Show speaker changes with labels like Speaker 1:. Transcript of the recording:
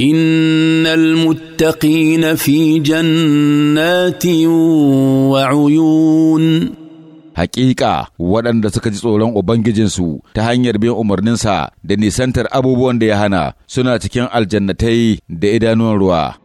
Speaker 1: ان المتقين في جنات
Speaker 2: وعيون Hakika waɗanda suka ji tsoron Ubangijinsu ta hanyar bin umarninsa da nisantar abubuwan da ya hana suna cikin
Speaker 3: aljannatai da idanuwan ruwa.